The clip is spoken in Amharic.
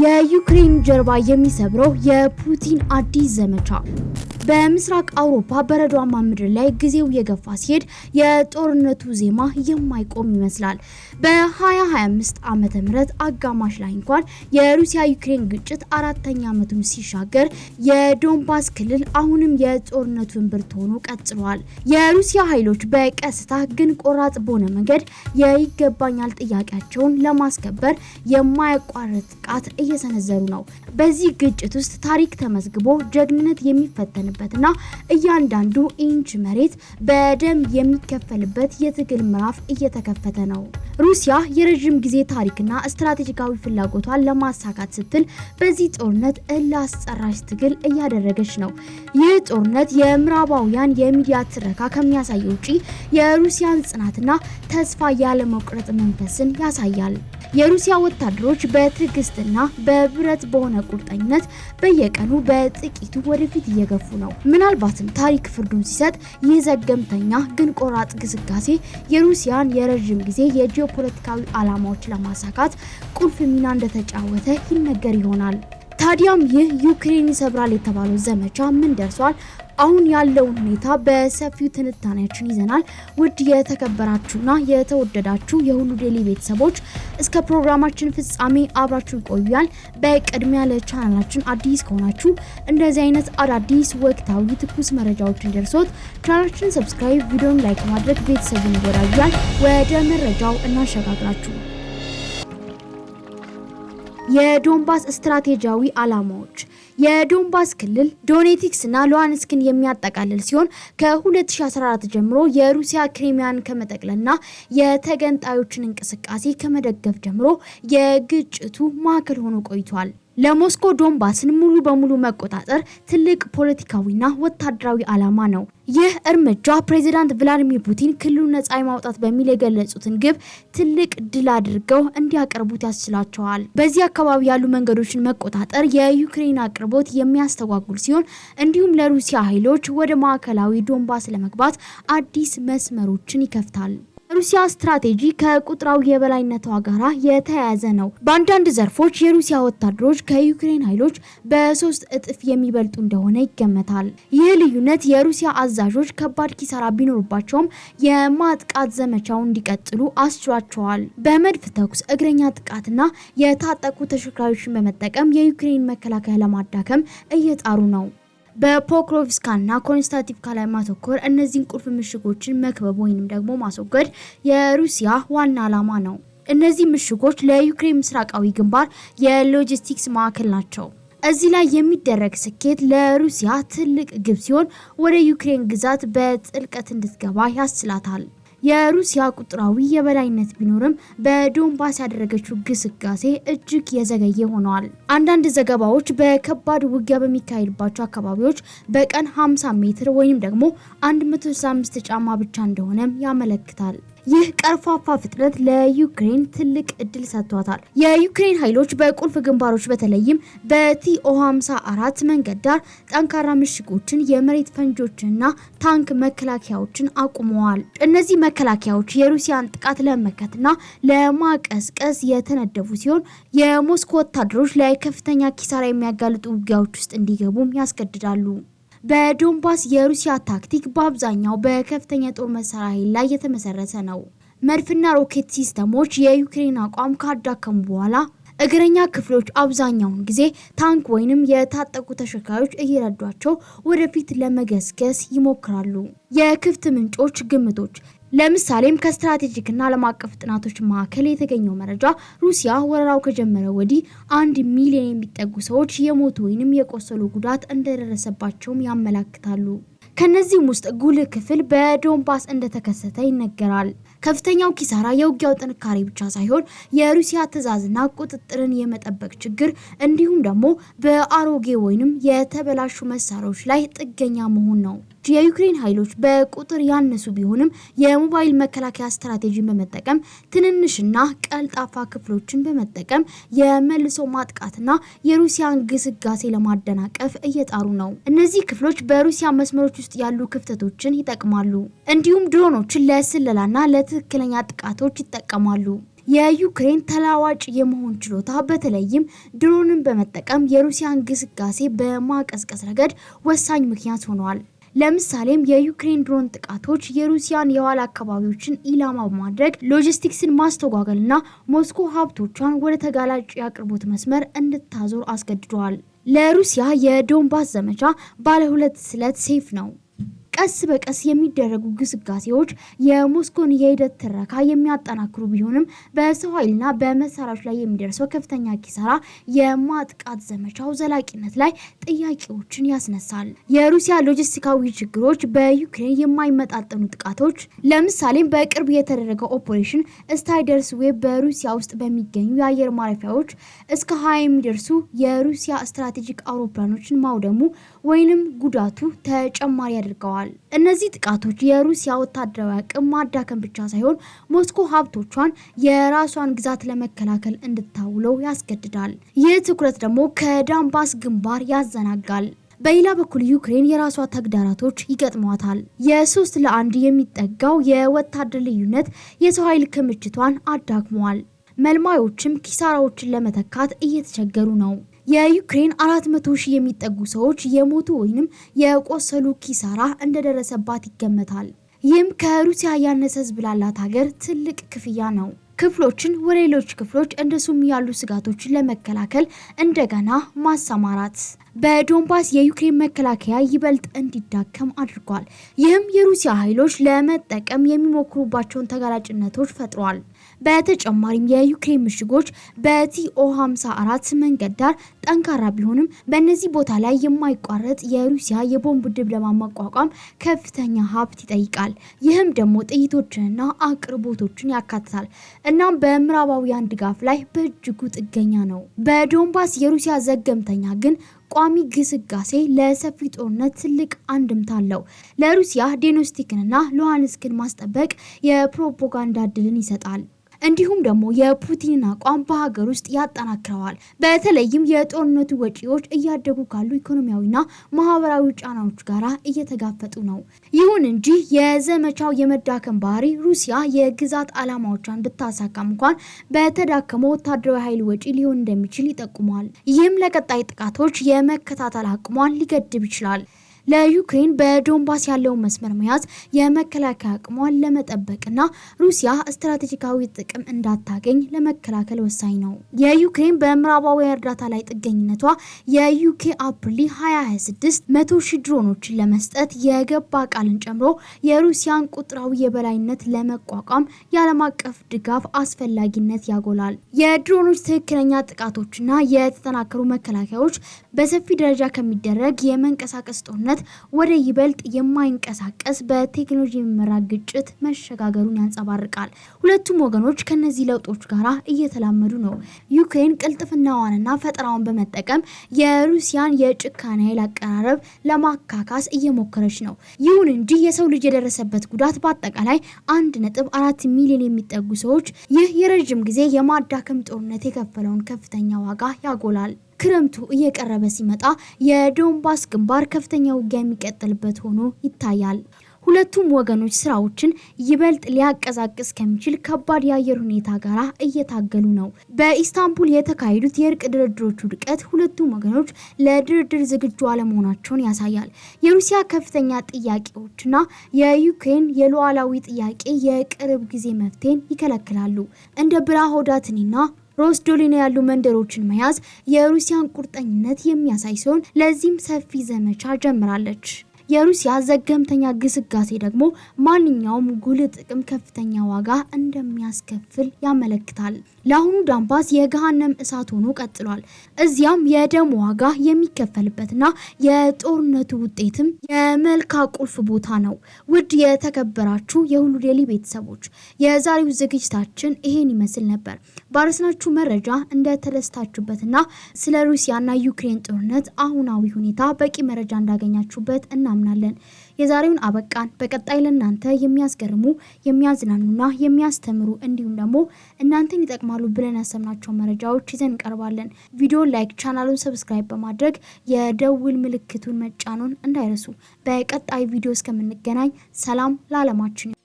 የዩክሬን ጀርባ የሚሰብረው የፑቲን አዲስ ዘመቻ በምስራቅ አውሮፓ በረዷማ ምድር ላይ ጊዜው የገፋ ሲሄድ የጦርነቱ ዜማ የማይቆም ይመስላል። በ2025 ዓመተ ምህረት አጋማሽ ላይ እንኳን የሩሲያ ዩክሬን ግጭት አራተኛ ዓመቱን ሲሻገር የዶንባስ ክልል አሁንም የጦርነቱን ብርት ሆኖ ቀጥሏል። የሩሲያ ኃይሎች በቀስታ ግን ቆራጥ በሆነ መንገድ የይገባኛል ጥያቄያቸውን ለማስከበር የማያቋርጥ ጥቃት እየሰነዘሩ ነው። በዚህ ግጭት ውስጥ ታሪክ ተመዝግቦ ጀግንነት የሚፈተን የሚከፈልበትና እያንዳንዱ ኢንች መሬት በደም የሚከፈልበት የትግል ምዕራፍ እየተከፈተ ነው። ሩሲያ የረዥም ጊዜ ታሪክና ስትራቴጂካዊ ፍላጎቷን ለማሳካት ስትል በዚህ ጦርነት እልህ ትግል እያደረገች ነው። ይህ ጦርነት የምዕራባውያን የሚዲያ ትረካ ከሚያሳየው ውጪ የሩሲያን ጽናትና ተስፋ ያለመቁረጥ መንፈስን ያሳያል። የሩሲያ ወታደሮች በትዕግስትና በብረት በሆነ ቁርጠኝነት በየቀኑ በጥቂቱ ወደፊት እየገፉ ነው። ምናልባትም ታሪክ ፍርዱን ሲሰጥ ይህ ዘገምተኛ ግን ቆራጥ ግስጋሴ የሩሲያን የረዥም ጊዜ የጂኦፖለቲካዊ ዓላማዎች ለማሳካት ቁልፍ ሚና እንደተጫወተ ይነገር ይሆናል። ታዲያም ይህ ዩክሬን ይሰብራል የተባለው ዘመቻ ምን ደርሷል? አሁን ያለውን ሁኔታ በሰፊው ትንታኔያችን ይዘናል። ውድ የተከበራችሁና የተወደዳችሁ የሁሉ ዴሊ ቤተሰቦች እስከ ፕሮግራማችን ፍጻሜ አብራችሁን ቆዩያል። በቅድሚያ ለቻናላችን አዲስ ከሆናችሁ እንደዚህ አይነት አዳዲስ ወቅታዊ ትኩስ መረጃዎችን ደርሶት ቻናላችን ሰብስክራይብ፣ ቪዲዮን ላይክ ማድረግ ቤተሰቡን ይወዳያል። ወደ መረጃው እናሸጋግራችሁ። የዶንባስ ስትራቴጂያዊ ዓላማዎች የዶንባስ ክልል ዶኔቲክስና ሉሃንስክን የሚያጠቃልል ሲሆን ከ2014 ጀምሮ የሩሲያ ክሪሚያን ከመጠቅለልና የተገንጣዮችን እንቅስቃሴ ከመደገፍ ጀምሮ የግጭቱ ማዕከል ሆኖ ቆይቷል። ለሞስኮ ዶንባስን ሙሉ በሙሉ መቆጣጠር ትልቅ ፖለቲካዊና ወታደራዊ ዓላማ ነው። ይህ እርምጃ ፕሬዚዳንት ቭላዲሚር ፑቲን ክልሉን ነጻ የማውጣት በሚል የገለጹትን ግብ ትልቅ ድል አድርገው እንዲያቀርቡት ያስችላቸዋል። በዚህ አካባቢ ያሉ መንገዶችን መቆጣጠር የዩክሬን አቅርቦት የሚያስተጓጉል ሲሆን፣ እንዲሁም ለሩሲያ ኃይሎች ወደ ማዕከላዊ ዶንባስ ለመግባት አዲስ መስመሮችን ይከፍታል። የሩሲያ ስትራቴጂ ከቁጥራዊ የበላይነቷ ጋራ የተያያዘ ነው። በአንዳንድ ዘርፎች የሩሲያ ወታደሮች ከዩክሬን ኃይሎች በሶስት እጥፍ የሚበልጡ እንደሆነ ይገመታል። ይህ ልዩነት የሩሲያ አዛዦች ከባድ ኪሳራ ቢኖርባቸውም የማጥቃት ዘመቻውን እንዲቀጥሉ አስችሏቸዋል። በመድፍ ተኩስ፣ እግረኛ ጥቃትና የታጠቁ ተሽከርካሪዎችን በመጠቀም የዩክሬን መከላከያ ለማዳከም እየጣሩ ነው። በፖክሮቭስካና ኮንስታቲቭካ ላይ ማተኮር እነዚህን ቁልፍ ምሽጎችን መክበብ ወይንም ደግሞ ማስወገድ የሩሲያ ዋና ዓላማ ነው። እነዚህ ምሽጎች ለዩክሬን ምስራቃዊ ግንባር የሎጂስቲክስ ማዕከል ናቸው። እዚህ ላይ የሚደረግ ስኬት ለሩሲያ ትልቅ ግብ ሲሆን ወደ ዩክሬን ግዛት በጥልቀት እንድትገባ ያስችላታል። የሩሲያ ቁጥራዊ የበላይነት ቢኖርም በዶንባስ ያደረገችው ግስጋሴ እጅግ የዘገየ ሆኗል። አንዳንድ ዘገባዎች በከባድ ውጊያ በሚካሄድባቸው አካባቢዎች በቀን 50 ሜትር ወይም ደግሞ 165 ጫማ ብቻ እንደሆነም ያመለክታል። ይህ ቀርፋፋ ፍጥነት ለዩክሬን ትልቅ እድል ሰጥቷታል። የዩክሬን ኃይሎች በቁልፍ ግንባሮች በተለይም በቲኦ 54 መንገድ ዳር ጠንካራ ምሽጎችን፣ የመሬት ፈንጆችንና ታንክ መከላከያዎችን አቁመዋል። እነዚህ መከላከያዎች የሩሲያን ጥቃት ለመመከትና ለማቀስቀስ የተነደፉ ሲሆን የሞስኮ ወታደሮች ለከፍተኛ ኪሳራ የሚያጋልጡ ውጊያዎች ውስጥ እንዲገቡም ያስገድዳሉ። በዶንባስ የሩሲያ ታክቲክ በአብዛኛው በከፍተኛ ጦር መሳሪያ ኃይል ላይ የተመሰረተ ነው። መድፍና ሮኬት ሲስተሞች የዩክሬን አቋም ካዳከሙ በኋላ እግረኛ ክፍሎች አብዛኛውን ጊዜ ታንክ ወይንም የታጠቁ ተሸካዮች እየረዷቸው ወደፊት ለመገስገስ ይሞክራሉ። የክፍት ምንጮች ግምቶች ለምሳሌም ከስትራቴጂክና ዓለም አቀፍ ጥናቶች ማዕከል የተገኘው መረጃ ሩሲያ ወረራው ከጀመረ ወዲህ አንድ ሚሊዮን የሚጠጉ ሰዎች የሞቱ ወይንም የቆሰሉ ጉዳት እንደደረሰባቸውም ያመላክታሉ። ከነዚህም ውስጥ ጉልህ ክፍል በዶንባስ እንደተከሰተ ይነገራል። ከፍተኛው ኪሳራ የውጊያው ጥንካሬ ብቻ ሳይሆን የሩሲያ ትዕዛዝና ቁጥጥርን የመጠበቅ ችግር እንዲሁም ደግሞ በአሮጌ ወይንም የተበላሹ መሳሪያዎች ላይ ጥገኛ መሆን ነው። የዩክሬን ኃይሎች በቁጥር ያነሱ ቢሆንም የሞባይል መከላከያ ስትራቴጂን በመጠቀም ትንንሽና ቀልጣፋ ክፍሎችን በመጠቀም የመልሶ ማጥቃትና የሩሲያን ግስጋሴ ለማደናቀፍ እየጣሩ ነው። እነዚህ ክፍሎች በሩሲያ መስመሮች ውስጥ ያሉ ክፍተቶችን ይጠቅማሉ። እንዲሁም ድሮኖችን ለስለላና ለትክክለኛ ጥቃቶች ይጠቀማሉ። የዩክሬን ተላዋጭ የመሆን ችሎታ በተለይም ድሮንን በመጠቀም የሩሲያን ግስጋሴ በማቀዝቀዝ ረገድ ወሳኝ ምክንያት ሆኗል። ለምሳሌም የዩክሬን ድሮን ጥቃቶች የሩሲያን የኋላ አካባቢዎችን ኢላማ በማድረግ ሎጂስቲክስን እና ሞስኮ ሀብቶቿን ወደ ተጋላጭ የአቅርቦት መስመር እንድታዞር አስገድደዋል። ለሩሲያ የዶንባስ ዘመቻ ባለ ሁለት ስለት ሴፍ ነው። ቀስ በቀስ የሚደረጉ ግስጋሴዎች የሞስኮን የሂደት ትረካ የሚያጠናክሩ ቢሆንም በሰው ኃይልና በመሳሪያዎች ላይ የሚደርሰው ከፍተኛ ኪሳራ የማጥቃት ዘመቻው ዘላቂነት ላይ ጥያቄዎችን ያስነሳል። የሩሲያ ሎጂስቲካዊ ችግሮች፣ በዩክሬን የማይመጣጠኑ ጥቃቶች፣ ለምሳሌም በቅርብ የተደረገው ኦፕሬሽን ስታይደርስ ዌብ በሩሲያ ውስጥ በሚገኙ የአየር ማረፊያዎች እስከ ሀያ የሚደርሱ የሩሲያ ስትራቴጂክ አውሮፕላኖችን ማውደሙ ወይንም ጉዳቱ ተጨማሪ ያደርገዋል። ተናግረዋል። እነዚህ ጥቃቶች የሩሲያ ወታደራዊ አቅም ማዳከም ብቻ ሳይሆን ሞስኮ ሀብቶቿን የራሷን ግዛት ለመከላከል እንድታውለው ያስገድዳል። ይህ ትኩረት ደግሞ ከዳንባስ ግንባር ያዘናጋል። በሌላ በኩል ዩክሬን የራሷ ተግዳራቶች ይገጥሟታል። የሶስት ለአንድ የሚጠጋው የወታደር ልዩነት የሰው ኃይል ክምችቷን አዳክሟል። መልማዮችም ኪሳራዎችን ለመተካት እየተቸገሩ ነው። የዩክሬን 400 መቶ ሺህ የሚጠጉ ሰዎች የሞቱ ወይንም የቆሰሉ ኪሳራ እንደደረሰባት ይገመታል። ይህም ከሩሲያ ያነሰ ህዝብ ላላት ሀገር ትልቅ ክፍያ ነው። ክፍሎችን ወደ ሌሎች ክፍሎች እንደሱም ያሉ ስጋቶችን ለመከላከል እንደገና ማሰማራት በዶንባስ የዩክሬን መከላከያ ይበልጥ እንዲዳከም አድርጓል። ይህም የሩሲያ ኃይሎች ለመጠቀም የሚሞክሩባቸውን ተጋላጭነቶች ፈጥሯል። በተጨማሪም የዩክሬን ምሽጎች በቲኦ 54 መንገድ ዳር ጠንካራ ቢሆንም በእነዚህ ቦታ ላይ የማይቋረጥ የሩሲያ የቦምብ ድብደባ ማቋቋም ከፍተኛ ሀብት ይጠይቃል። ይህም ደግሞ ጥይቶችንና አቅርቦቶችን ያካትታል። እናም በምዕራባውያን ድጋፍ ላይ በእጅጉ ጥገኛ ነው። በዶንባስ የሩሲያ ዘገምተኛ ግን ቋሚ ግስጋሴ ለሰፊ ጦርነት ትልቅ አንድምታ አለው። ለሩሲያ ዴኖስቲክንና ሉሃንስክን ማስጠበቅ የፕሮፓጋንዳ ድልን ይሰጣል። እንዲሁም ደግሞ የፑቲንን አቋም በሀገር ውስጥ ያጠናክረዋል። በተለይም የጦርነቱ ወጪዎች እያደጉ ካሉ ኢኮኖሚያዊና ማህበራዊ ጫናዎች ጋር እየተጋፈጡ ነው። ይሁን እንጂ የዘመቻው የመዳከም ባህሪ ሩሲያ የግዛት ዓላማዎቿን ብታሳካም እንኳን በተዳከመ ወታደራዊ ኃይል ወጪ ሊሆን እንደሚችል ይጠቁማል። ይህም ለቀጣይ ጥቃቶች የመከታተል አቅሟን ሊገድብ ይችላል። ለዩክሬን በዶንባስ ያለውን መስመር መያዝ የመከላከያ አቅሟን ለመጠበቅና ሩሲያ ስትራቴጂካዊ ጥቅም እንዳታገኝ ለመከላከል ወሳኝ ነው። የዩክሬን በምዕራባዊ እርዳታ ላይ ጥገኝነቷ የዩኬ አፕሪል 2026 መቶ ሺ ድሮኖችን ለመስጠት የገባ ቃልን ጨምሮ የሩሲያን ቁጥራዊ የበላይነት ለመቋቋም የዓለም አቀፍ ድጋፍ አስፈላጊነት ያጎላል። የድሮኖች ትክክለኛ ጥቃቶችና የተጠናከሩ መከላከያዎች በሰፊ ደረጃ ከሚደረግ የመንቀሳቀስ ጦርነት ወደ ይበልጥ የማይንቀሳቀስ በቴክኖሎጂ የሚመራ ግጭት መሸጋገሩን ያንጸባርቃል። ሁለቱም ወገኖች ከነዚህ ለውጦች ጋር እየተላመዱ ነው። ዩክሬን ቅልጥፍናዋንና ፈጠራዋን በመጠቀም የሩሲያን የጭካኔ ኃይል አቀራረብ ለማካካስ እየሞከረች ነው። ይሁን እንጂ የሰው ልጅ የደረሰበት ጉዳት በአጠቃላይ አንድ ነጥብ አራት ሚሊዮን የሚጠጉ ሰዎች ይህ የረዥም ጊዜ የማዳከም ጦርነት የከፈለውን ከፍተኛ ዋጋ ያጎላል። ክረምቱ እየቀረበ ሲመጣ የዶንባስ ግንባር ከፍተኛ ውጊያ የሚቀጥልበት ሆኖ ይታያል። ሁለቱም ወገኖች ስራዎችን ይበልጥ ሊያቀዛቅስ ከሚችል ከባድ የአየር ሁኔታ ጋር እየታገሉ ነው። በኢስታንቡል የተካሄዱት የእርቅ ድርድሮች ውድቀት ሁለቱም ወገኖች ለድርድር ዝግጁ አለመሆናቸውን ያሳያል። የሩሲያ ከፍተኛ ጥያቄዎችና የዩክሬን የሉዓላዊ ጥያቄ የቅርብ ጊዜ መፍትሄን ይከለክላሉ። እንደ ብራሆዳትኒና ሮስዶሊና ያሉ መንደሮችን መያዝ የሩሲያን ቁርጠኝነት የሚያሳይ ሲሆን ለዚህም ሰፊ ዘመቻ ጀምራለች። የሩሲያ ዘገምተኛ ግስጋሴ ደግሞ ማንኛውም ጉልህ ጥቅም ከፍተኛ ዋጋ እንደሚያስከፍል ያመለክታል። ለአሁኑ ዳንባስ የገሃነም እሳት ሆኖ ቀጥሏል። እዚያም የደም ዋጋ የሚከፈልበትና የጦርነቱ ውጤትም የመልካ ቁልፍ ቦታ ነው። ውድ የተከበራችሁ የሁሉ ዴይሊ ቤተሰቦች የዛሬው ዝግጅታችን ይሄን ይመስል ነበር። ባረስናችሁ መረጃ እንደተደስታችሁበትና ስለ ሩሲያና ዩክሬን ጦርነት አሁናዊ ሁኔታ በቂ መረጃ እንዳገኛችሁበት እናም እናምናለን። የዛሬውን አበቃን። በቀጣይ ለእናንተ የሚያስገርሙ የሚያዝናኑና የሚያስተምሩ እንዲሁም ደግሞ እናንተን ይጠቅማሉ ብለን ያሰብናቸው መረጃዎች ይዘን እንቀርባለን። ቪዲዮ ላይክ፣ ቻናሉን ሰብስክራይብ በማድረግ የደውል ምልክቱን መጫኑን እንዳይረሱ። በቀጣይ ቪዲዮ እስከምንገናኝ ሰላም ለዓለማችን።